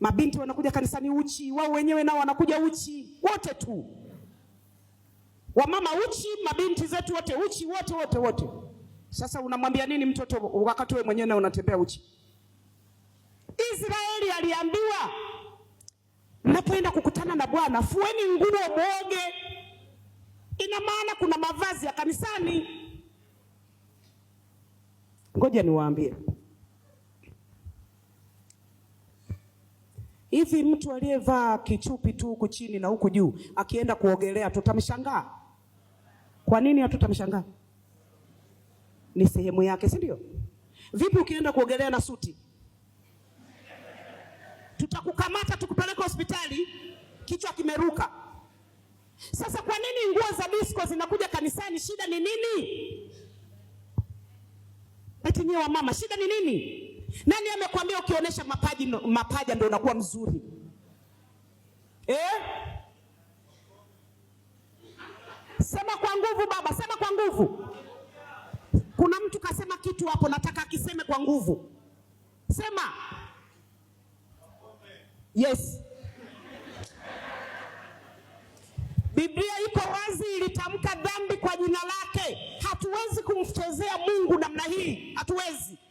Mabinti wanakuja kanisani uchi, wao wenyewe nao wanakuja uchi, wote tu wamama uchi, mabinti zetu wote uchi, wote wote wote. Sasa unamwambia nini mtoto wakati wewe mwenyewe na unatembea uchi? Israeli aliambiwa mnapoenda kukutana na Bwana fueni nguo mwoge. Ina maana kuna mavazi ya kanisani. Ngoja niwaambie. Hivi mtu aliyevaa kichupi tu huku chini na huku juu akienda kuogelea tutamshangaa? Kwa nini hatutamshangaa? Ni sehemu yake, si ndio? Vipi ukienda kuogelea na suti? Tutakukamata tukupeleka hospitali, kichwa kimeruka. Sasa kwa nini nguo za disco zinakuja kanisani? Shida ni nini? Eti nyewe mama shida ni nini? Nani amekwambia ukionyesha mapaji mapaja ndio unakuwa mzuri eh? Sema kwa nguvu baba, sema kwa nguvu. Kuna mtu kasema kitu hapo, nataka akiseme kwa nguvu. Sema yes. Biblia iko wazi, ilitamka dhambi kwa jina lake. Hatuwezi kumchezea Mungu namna hii, hatuwezi.